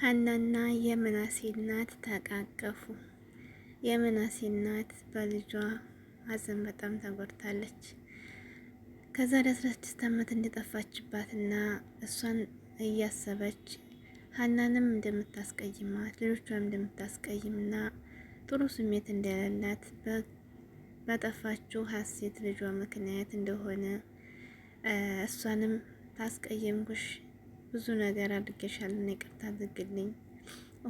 ሀናና የምናሴ እናት ተቃቀፉ። የምናሴ እናት በልጇ ሀዘን በጣም ተጎድታለች። ከዛ 16 ዓመት እንደጠፋችባትና እሷን እያሰበች ሀናንም እንደምታስቀይማት ልጆቿን እንደምታስቀይምና ጥሩ ስሜት እንደሌላት በጠፋችው ሀሴት ልጇ ምክንያት እንደሆነ እሷንም ታስቀየምኩሽ ብዙ ነገር አድርገሻል እና ይቅርታ አድርግልኝ።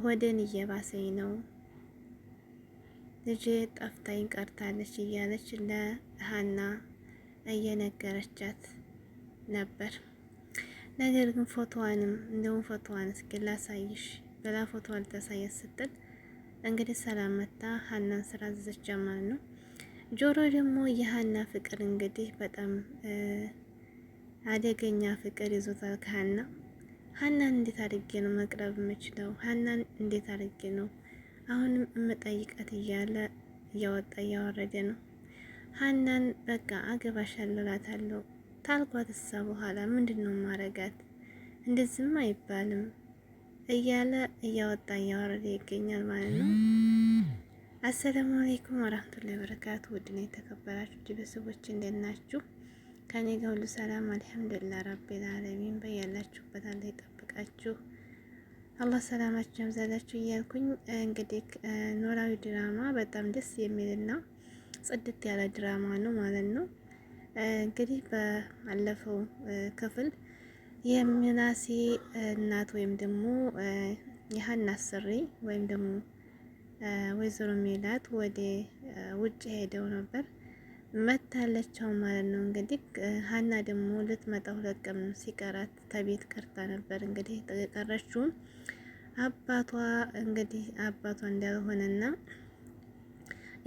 ሆዴን እየባሰኝ ነው። ልጄ ጠፍታኝ ቀርታለች እያለች ለሀና እየነገረቻት ነበር። ነገር ግን ፎቶዋንም እንደውም ፎቶዋን እስኪ ላሳይሽ ብላ ፎቶዋን ልታሳያት ስትል እንግዲህ ሰላም መታ ሀናን ስራ ዘዘች ጀማል ነው። ጆሮ ደግሞ የሀና ፍቅር እንግዲህ በጣም አደገኛ ፍቅር ይዞታል ከሀና ሀናን እንዴት አድርጌ ነው መቅረብ የምችለው? ሀናን እንዴት አድርጌ ነው አሁንም እምጠይቃት እያለ እያወጣ እያወረደ ነው። ሀናን በቃ አገባሻለሁ እላታለሁ ታልኳት እሳ በኋላ ምንድን ነው ማረጋት? እንደዚህም አይባልም እያለ እያወጣ እያወረደ ይገኛል ማለት ነው። አሰላሙ አለይኩም ወራህመቱላሂ ወበረካቱ። ውድና የተከበራችሁ ቤተሰቦች እንደናችሁ? ከኔ ጋር ሁሉ ሰላም አልሐምዱሊላህ ረቢል ዓለሚን። በያላችሁበት አለ ይጠብቃችሁ፣ አላህ ሰላማችሁ ያብዛላችሁ እያልኩኝ እንግዲህ ኖላዊ ድራማ በጣም ደስ የሚልና ጽድት ያለ ድራማ ነው ማለት ነው። እንግዲህ በአለፈው ክፍል የምናሴ እናት ወይም ደግሞ የሀና አሰሪ ወይም ደግሞ ወይዘሮ ሜላት ወደ ውጭ ሄደው ነበር። መታለቻው ማለት ነው። እንግዲህ ሀና ደግሞ ልትመጣ ሁለት ቀን ሲቀራት ተቤት ቀርታ ነበር። እንግዲህ የቀረችውም አባቷ እንግዲህ አባቷ እንዳልሆነና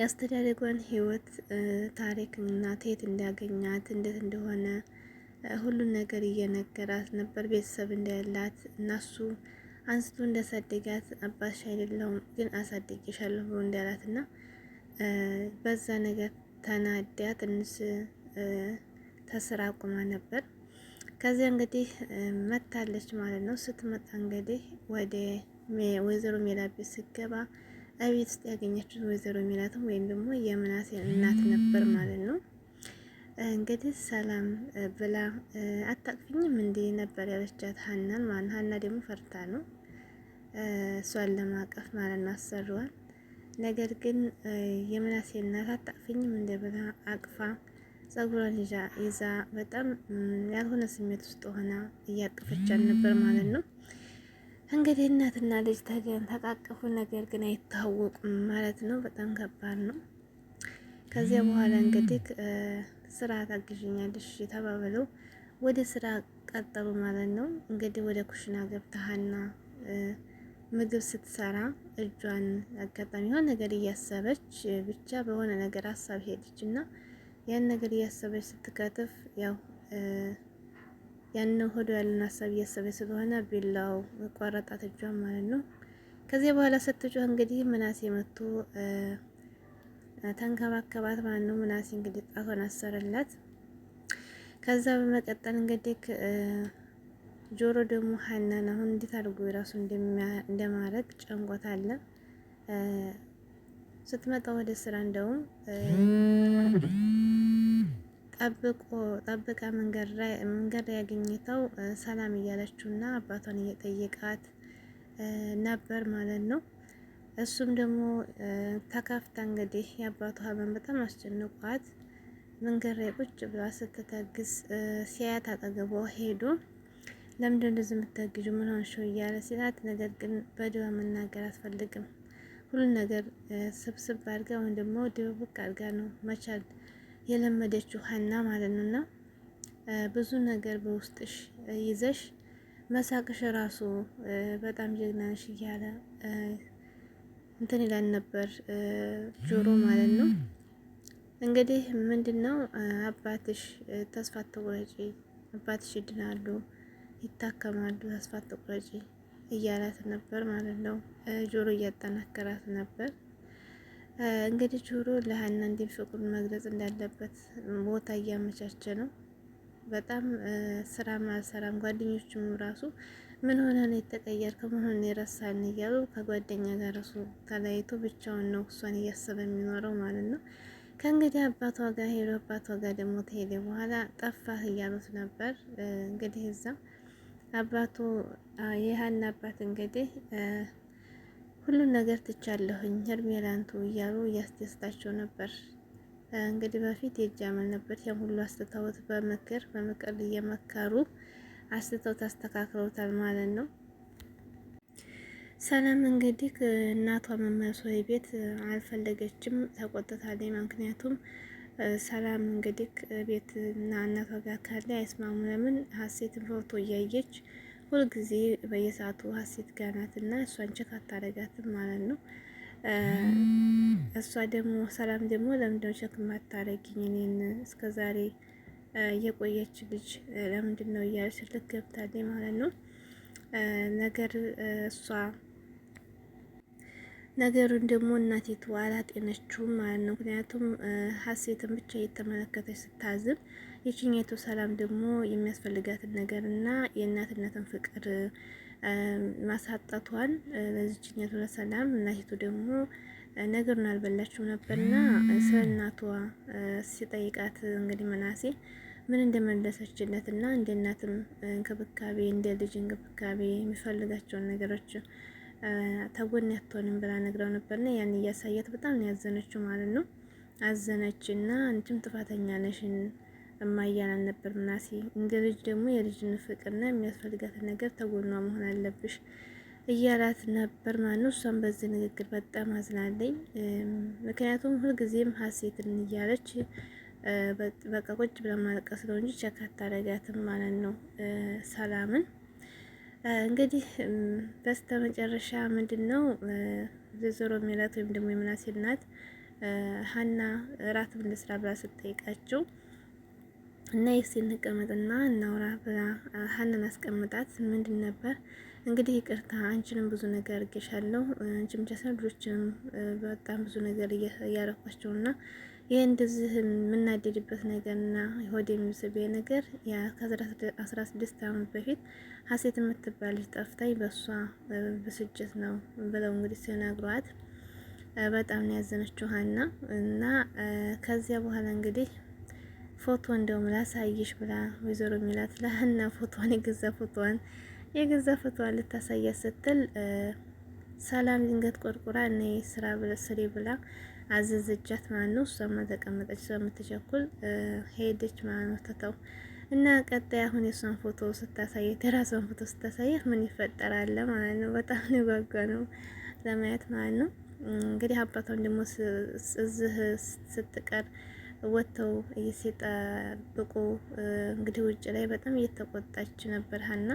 የአስተዳደጓን ህይወት ታሪክ እና እንዳገኛት እንዴት እንደሆነ ሁሉን ነገር እየነገራት ነበር። ቤተሰብ እንዳላት እናሱ አንስቶ እንዳሳደጋት አባትሽ አይደለሁም ግን አሳድጌሻለሁ ብሎ እንዳላት እና በዛ ነገር ተናዳ ትንሽ ተስራ ቁማ ነበር። ከዚያ እንግዲህ መታለች ማለት ነው። ስትመጣ እንግዲህ ወደ ወይዘሮ ሜላት ቤት ስገባ አቤት ውስጥ ያገኘችው ወይዘሮ ሜላትም ወይም ደግሞ የምናሴ እናት ነበር ማለት ነው። እንግዲህ ሰላም ብላ አታቅፍኝም እንዴ ነበር ያለቻት ሀናን ማለት ሀና ደግሞ ፈርታ ነው እሷን ለማቀፍ ማለት ነው አሰሯል። ነገር ግን የምናሴ እናት አታቅፈኝም እንደ አቅፋ ጸጉሯን ይዛ በጣም ያልሆነ ስሜት ውስጥ ሆና እያቀፈቻት ነበር ማለት ነው። እንግዲህ እናትና ልጅ ተገን ተቃቀፉ፣ ነገር ግን አይታወቁም ማለት ነው። በጣም ከባድ ነው። ከዚያ በኋላ እንግዲህ ስራ ታግዥኛለሽ ተባብለው ወደ ስራ ቀጠሉ ማለት ነው። እንግዲህ ወደ ኩሽና ገብተሃና ምግብ ስትሰራ እጇን አጋጣሚ የሆነ ነገር እያሰበች ብቻ በሆነ ነገር ሀሳብ ሄደች እና ያን ነገር እያሰበች ስትከትፍ ያው ያንን ሆዶ ያለን ሀሳብ እያሰበች ስለሆነ ቢላው ቆረጣት እጇን ማለት ነው። ከዚያ በኋላ ስትጮህ እንግዲህ ምናሴ መጥቶ ተንከባከባት ማለት ነው። ምናሴ እንግዲህ ጣቷን አሰረላት። ከዛ በመቀጠል እንግዲህ ጆሮ ደግሞ ሀናን አሁን እንዴት አድርጎ የራሱ እንደማረግ ጨንቆት አለ። ስትመጣ ወደ ስራ እንደውም ጠብቆ ጠብቃ መንገድ ላይ ያገኘተው ሰላም እያለችው እና አባቷን እየጠየቃት ነበር ማለት ነው። እሱም ደግሞ ተከፍታ እንግዲህ የአባቷ ሀመን በጣም አስጨንቋት መንገድ ላይ ቁጭ ብላ ስትተግስ ሲያያት አጠገቧ ሄዶ ለምንድን እንደዚህ የምታግጁ ምን ሆንሽው እያለ ሲላት፣ ነገር ግን በድባ መናገር አትፈልግም። ሁሉን ነገር ስብስብ አድርጋ ወይም ደግሞ ድብብቅ አድርጋ ነው መቻል የለመደችው ሀና ማለት ነው። እና ብዙ ነገር በውስጥሽ ይዘሽ መሳቅሽ ራሱ በጣም ጀግናንሽ እያለ እንትን ይላል ነበር ጆሮ ማለት ነው። እንግዲህ ምንድን ነው አባትሽ ተስፋ አትቁረጪ፣ አባትሽ ይድናሉ ይታከማሉ፣ ተስፋ አትቁረጪ እያላት ነበር ማለት ነው። ጆሮ እያጠናከራት ነበር። እንግዲህ ጆሮ ለሀና እንዲህ ፍቅሩን መግለጽ እንዳለበት ቦታ እያመቻቸ ነው። በጣም ስራ ማሰራም ጓደኞቹም ራሱ ምን ሆነ ነው የተቀየርከው? ምን ሆነ የረሳን እያሉ ከጓደኛ ጋር እሱ ተለያይቶ ብቻውን ነው እሷን እያሰበ የሚኖረው ማለት ነው። ከእንግዲህ አባቷ ጋር ሄዶ አባቷ ጋር ደግሞ ተሄደ በኋላ ጠፋህ እያሉት ነበር እንግዲህ እዛም አባቱ የሀና አባት እንግዲህ ሁሉን ነገር ትቻለሁኝ እድሜ እያሉ እያስደስታቸው ነበር። እንግዲህ በፊት የጃመል ነበር ያም ሁሉ አስተታወት በምክር በምክር እየመከሩ አስተው ታስተካክለውታል ማለት ነው። ሰላም እንግዲህ እናቷ መመሶ ቤት አልፈለገችም፣ ተቆጥታለች። ምክንያቱም ሰላም እንግዲህ ቤትና እናቷ ጋር ካለ አይስማሙ። ለምን ሀሴትን ፎቶ እያየች ሁልጊዜ በየሰዓቱ ሀሴት ጋር እና እሷን ቸክ አታረጋትም ማለት ነው። እሷ ደግሞ ሰላም ደግሞ ለምንድነው ቸክ ማታረጊኝ እኔን እስከ ዛሬ የቆየች ልጅ ለምንድን ነው እያለች ልክ ገብታለች ማለት ነው ነገር እሷ ነገሩን ደግሞ እናቲቱ አላጤነችውም ማለት ነው። ምክንያቱም ሀሴትን ብቻ እየተመለከተች ስታዝም፣ የችኛቱ ሰላም ደግሞ የሚያስፈልጋትን ነገር እና የእናትነትን ፍቅር ማሳጣቷን ለዚችኛቱ ለሰላም እናቲቱ ደግሞ ነገሩን አልበላችው ነበርና ስለ እናቷ ሲጠይቃት እንግዲህ መናሴ ምን እንደመለሰችለት እና እንደ እናትም እንክብካቤ እንደ ልጅ እንክብካቤ የሚፈልጋቸውን ነገሮች ተጎን ያትሆንም ብላ ነግረው ነበርና ያን እያሳያት በጣም ነው ያዘነችው ማለት ነው። አዘነች እና አንቺም ጥፋተኛ ነሽን እማያናን ነበር ምናሲ እንደ ልጅ ደግሞ የልጅን ፍቅርና የሚያስፈልጋትን ነገር ተጎኗ መሆን አለብሽ እያላት ነበር ማለት ነው። እሷም በዚህ ንግግር በጣም አዝናለኝ። ምክንያቱም ሁልጊዜም ሀሴትን እያለች በቃ ቁጭ ብላ ማለቀስ ነው እንጂ ቸካታ አረጋትም ማለት ነው ሰላምን እንግዲህ በስተመጨረሻ ምንድን ነው ዝርዝሮ የሚላት ወይም ደግሞ የምናሴ እናት ሀና እራት ምን ብላ ስትጠይቃቸው እና ይስ እንቀመጥና እናውራ ብላ ሀናን አስቀምጣት ምንድን ነበር እንግዲህ ይቅርታ አንቺንም ብዙ ነገር እርጌሻለሁ አንቺ ብቻ ሳይሆን ልጆችንም በጣም ብዙ ነገር እያረኳቸውና ይህ እንደዚህ የምናደድበት ነገርና ሆድ የሚስበኝ ነገር ከአስራ ስድስት ዓመት በፊት ሀሴት የምትባለች ጠፍታኝ በእሷ ብስጭት ነው ብለው እንግዲህ ሲነግሯት በጣም ነው ያዘነችው ሀና እና ከዚያ በኋላ እንግዲህ ፎቶ እንደውም ላሳይሽ ብላ ወይዘሮ ሚላት ለሀና ፎቶዋን የገዛ ፎቶዋን የገዛ ፎቶዋን ልታሳያ ስትል ሰላም ድንገት ቆርቁራ እኔ ስራ ስሪ ብላ አዘዘጃት ማለት ነው። እሷማ ተቀመጠች ስለምትቸኩል ሄደች ማለት ነው ትተው እና ቀጣይ አሁን የእሷን ፎቶ ስታሳየት የራሷን ፎቶ ስታሳየት ምን ይፈጠራል ማለት ነው። በጣም ነው ንጓጓ ነው ለማየት ማለት ነው። እንግዲህ አባቷን ደግሞ እዚህ ስትቀር ወጥተው እየሲጠብቁ እንግዲህ ውጭ ላይ በጣም እየተቆጣች ነበር ሀና።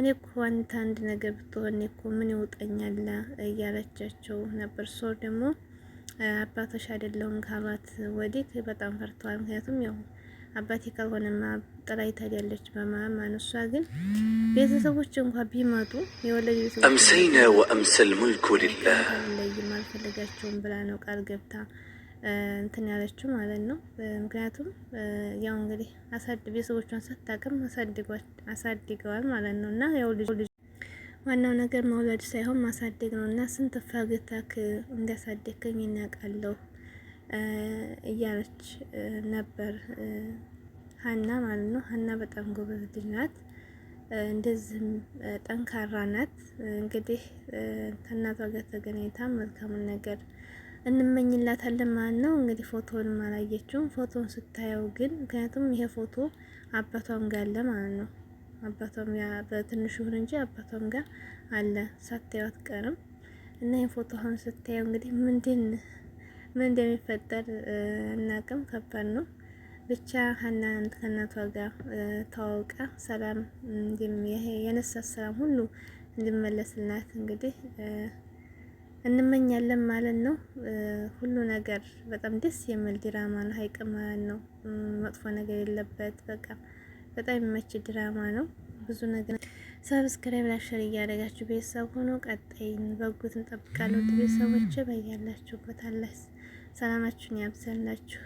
እኔ እኮ አንተ አንድ ነገር ብትሆን እኔ እኮ ምን ይውጠኛል እያለቻቸው ነበር ሶር ደግሞ አባቶች አይደለውም ካሏት ወዲህ በጣም ፈርተዋል። ምክንያቱም ያው አባቴ ካልሆነማ ጥላ ይታያለች በማማን እሷ ግን ቤተሰቦች እንኳ ቢመጡ የወለድ ቤተሰቦች አምሰይና ወአምሰል ሙልኩ ሊላህ አልለይም አልፈልጋቸውም ብላ ነው ቃል ገብታ እንትን ያለችው ማለት ነው። ምክንያቱም ያው እንግዲህ ቤተሰቦቿን ሳታቅም አሳድገዋል ማለት ነው እና ያው ልጅ ዋናው ነገር መውለድ ሳይሆን ማሳደግ ነው እና ስንት ፈግተክ እንዳሳደግከኝ እናውቃለሁ እያለች ነበር ሀና ማለት ነው። ሀና በጣም ጎበዝ ልጅ ናት። እንደዚህም ጠንካራ ናት። እንግዲህ ከእናቷ ጋር ተገናኝታ መልካሙን ነገር እንመኝላታለን ማለት ነው። እንግዲህ ፎቶውን አላየችውም። ፎቶውን ስታየው ግን ምክንያቱም ይሄ ፎቶ አባቷም ጋር አለ ማለት ነው። አባቷም ያ በትንሹ ይሁን እንጂ አባቷም ጋር አለ ሳታየው አትቀርም። እና ይሄን ፎቶ አሁን ስታየው እንግዲህ ምንድን ምን እንደሚፈጠር እናቅም። ከባድ ነው። ብቻ ሀና ከእናቷ ጋር ተዋውቃ ሰላም የነሳ ሰላም ሁሉ እንዲመለስላት እንግዲህ እንመኛለን ማለት ነው። ሁሉ ነገር በጣም ደስ የሚል ድራማ ነው። ሀይቅ ማለት ነው። መጥፎ ነገር የለበት በቃ በጣም የሚመች ድራማ ነው። ብዙ ነገር ሰብስክራይብ ላሸር እያደረጋችሁ ቤተሰብ ሆኖ ቀጣይን በጉት እንጠብቃለሁ። ቤተሰቦች በያላችሁበት አላህ ሰላማችሁን ያብዛላችሁ።